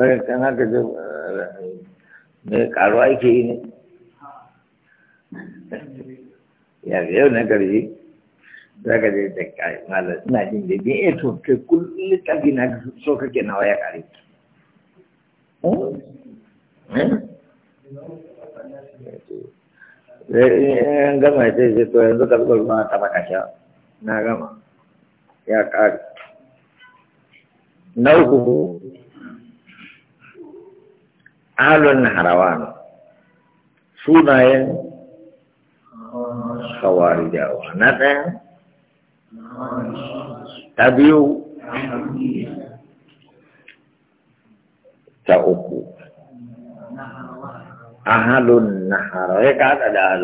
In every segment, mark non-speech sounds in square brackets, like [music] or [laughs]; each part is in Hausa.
wai kan haka ji mai eh, eh, yake yi ne ya yau na za ka je da malar ina jin da bin eto eh, kai kullum littafi na so kake nawa ya ƙare in gama ya ce to yanzu ka zuba ruwa ta makasha na gama ya kare na uku آل النهروان سونا خوارج وانات تبيو تأوكو أهل النهر ويكاد على أهل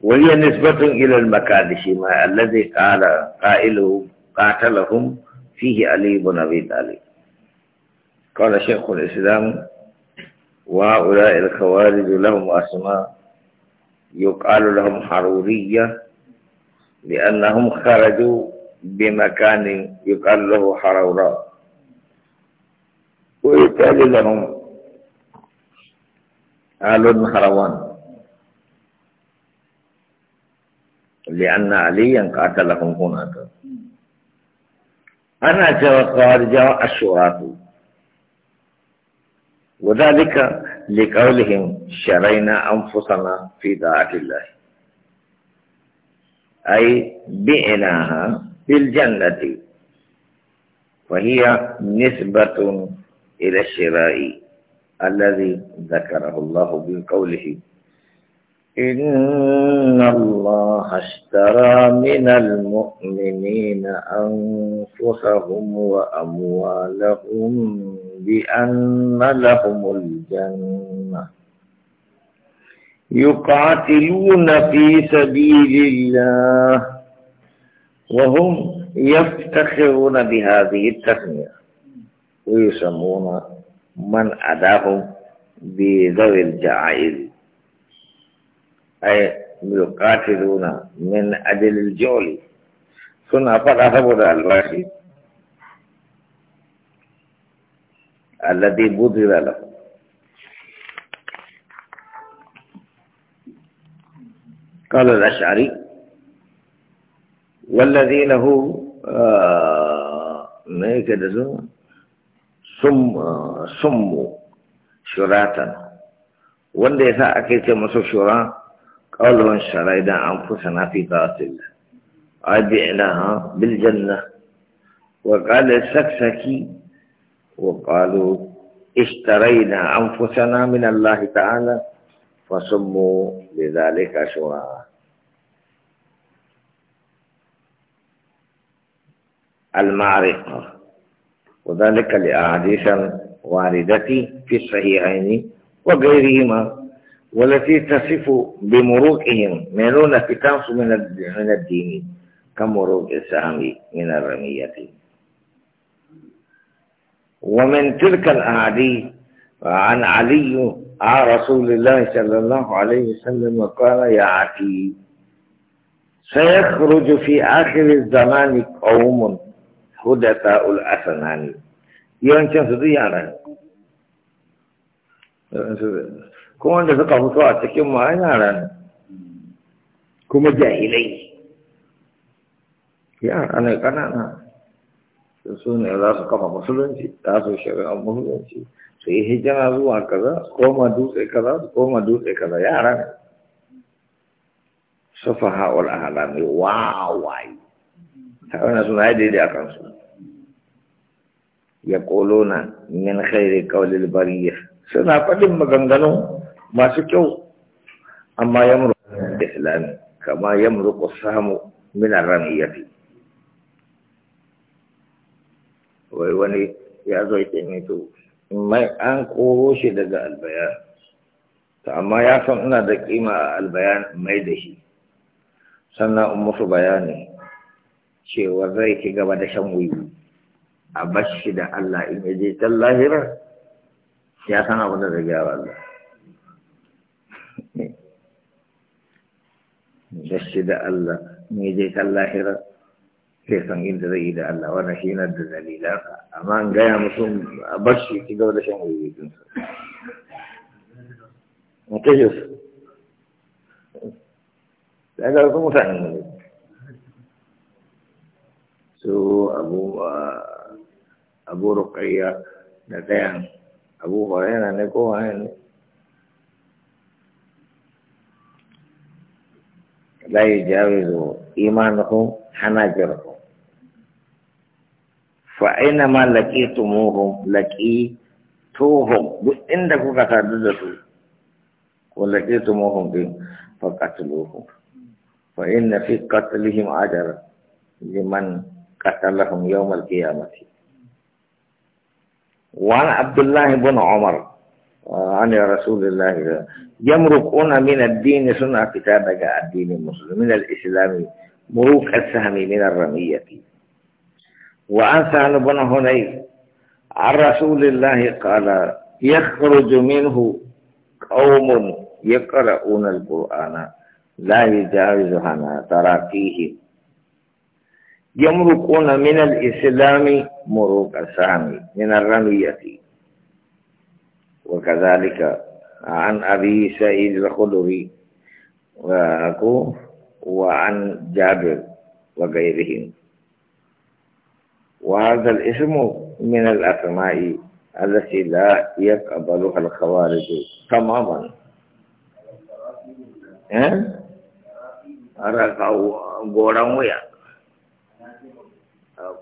وهي نسبة إلى المكادش ما الذي قال قائله قاتلهم فيه علي بن أبي طالب قال شيخ الإسلام وهؤلاء الخوارج لهم أسماء يقال لهم حرورية لأنهم خرجوا بمكان يقال له حرورة ويقال لهم آل حروان لأن عليا قاتلهم هناك أنا جوا خوارج الشورى وذلك لقولهم شرينا أنفسنا في داعة الله أي بعناها بالجنة وهي نسبة إلى الشراء الذي ذكره الله بقوله إن الله اشترى من المؤمنين أنفسهم وأموالهم بأن لهم الجنة يقاتلون في سبيل الله وهم يفتخرون بهذه التسمية ويسمون من أداهم بذوي الجعائز أي يقاتلون من أجل ثم سنة فقط الله الذي بذل له قال الأشعري والذي له آه، ما كده سم آه، سم شراتا وندي سا اكيد مسو شرا قالوا ان شرايدا انفسنا في باطل ابيناها بالجنه وقال السكسكي وقالوا اشترينا أنفسنا من الله تعالى فسموا لذلك شرعا المعرفة وذلك لأحاديث واردة في الصحيحين وغيرهما والتي تصف بمروقهم ملون فتاس من الدين كمروق السهم من الرمية ومن تلك الأحاديث عن علي عن رسول الله صلى الله عليه وسلم قال يا عتي سيخرج في آخر الزمان قوم هدفاء الأسنان يوم كان سيدي يعني كم أنت فقه فتواتك يوم ما أين كم جاهلي يا أنا كان أنا su ne za su kafa musulunci za su shari'ar musulunci su yi hijira zuwa kaza koma dutse kaza koma dutse kaza yara ne sufa ha'ul ahalami wawaye tare na suna yi daidai a kansu ya kolona min khairi kawalil bariya suna faɗin maganganu masu kyau amma yamru islami kama yamru samu min arami yafi wai wani ya zo ya to mai an koro shi daga albayan ta amma ya san ina da kima a albayan mai da shi sannan in musu bayani cewa zai ki gaba da shan wuyu a bashi da Allah in yaje can lahira ya san abin da zai gyara Allah [laughs] bashi da Allah in yaje can lahira sai san inda zai yi da Allah wannan shi na da dalilansa amma an gaya musu a bar shi ci gaba da shan wayoyinsa da ga mutane ne abu abu da ɗayan abu hurairah ne ko wani ne la yajawizu imanuhum hanajirahum فأينما لقيتموهم لقيتوهم عندك كترددوا ولقيتموهم بهم فقتلوهم فإن في قتلهم أجر لمن قتلهم يوم القيامة وعن عبد الله بن عمر عن رسول الله يمرقون من الدين سنة كتابك الدين المسلم من الإسلام مروق السهم من الرمية وعن سهل بن هني عن رسول الله قال يخرج منه قوم يقرؤون القرآن لا يجاوزها تراكيه يمرقون من الإسلام مروق سامي من الرمية وكذلك عن أبي سعيد الخدري وعن جابر وغيرهم وهذا الاسم من الأسماء التي لا يقبلها الخوارج تماما goron wuya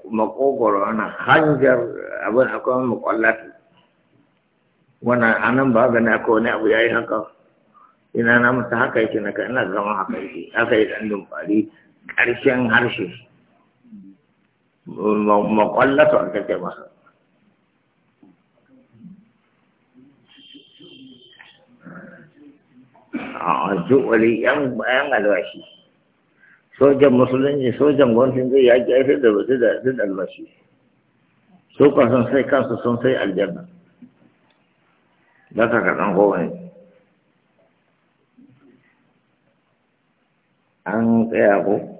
makogoro ana hanjar abin akwai makwallati wannan anan ba gani akwai wani abu yayi haka ina na mutu haka yake na ka ina zama haka yake aka yi dan dumfari harshe makwallatu aka ce masa a juwali yan bayan albashi sojan musulunci sojan gwamnatin zai ya gefe da wasu da sun albashi su kan sun sai kansu sun sai aljanna za ka kaɗan kowane an tsaya ko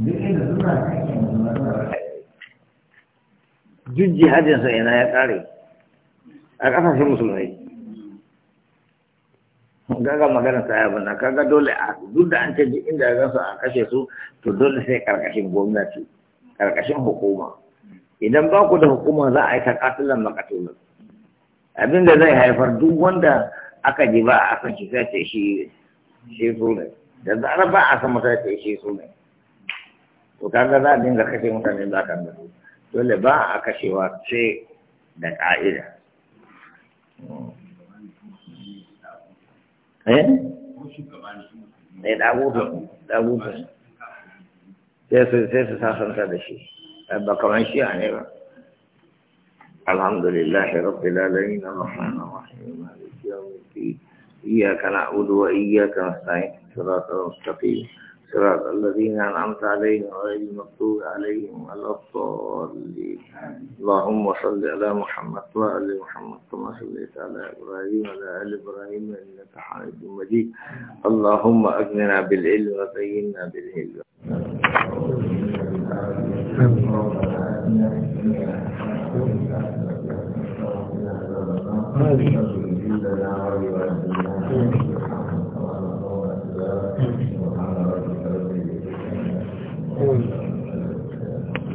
duk inda suna cikin jihadinsa ina ya ƙare a ƙasashen musulmai gaga magana ta yaba na kaga dole a duk da an ce duk inda ya su a kashe su to dole sai ƙarƙashin gwamnati ƙarƙashin hukuma idan ba ku da hukuma za a yi ta katilan makatuna abin da zai haifar duk wanda aka ji ba a san shi sai ce shi shi su ne da zarar ba a san masa ce shi su ne to kaga za a dinga kashe mutane da aka mutu dole ba a kashewa ce da ka'ida. ne eh? sai su sasanta da shi ba kamar shi a ne ba alhamdulillah rabbil alamin صراط الذين أنعمت عليهم غير المغضوب عليهم ولا الضالين اللهم صل على محمد وعلى محمد كما صليت على إبراهيم وعلى آل إبراهيم إنك حميد مجيد اللهم أغننا بالعلم وزينا بالعلم Thank you.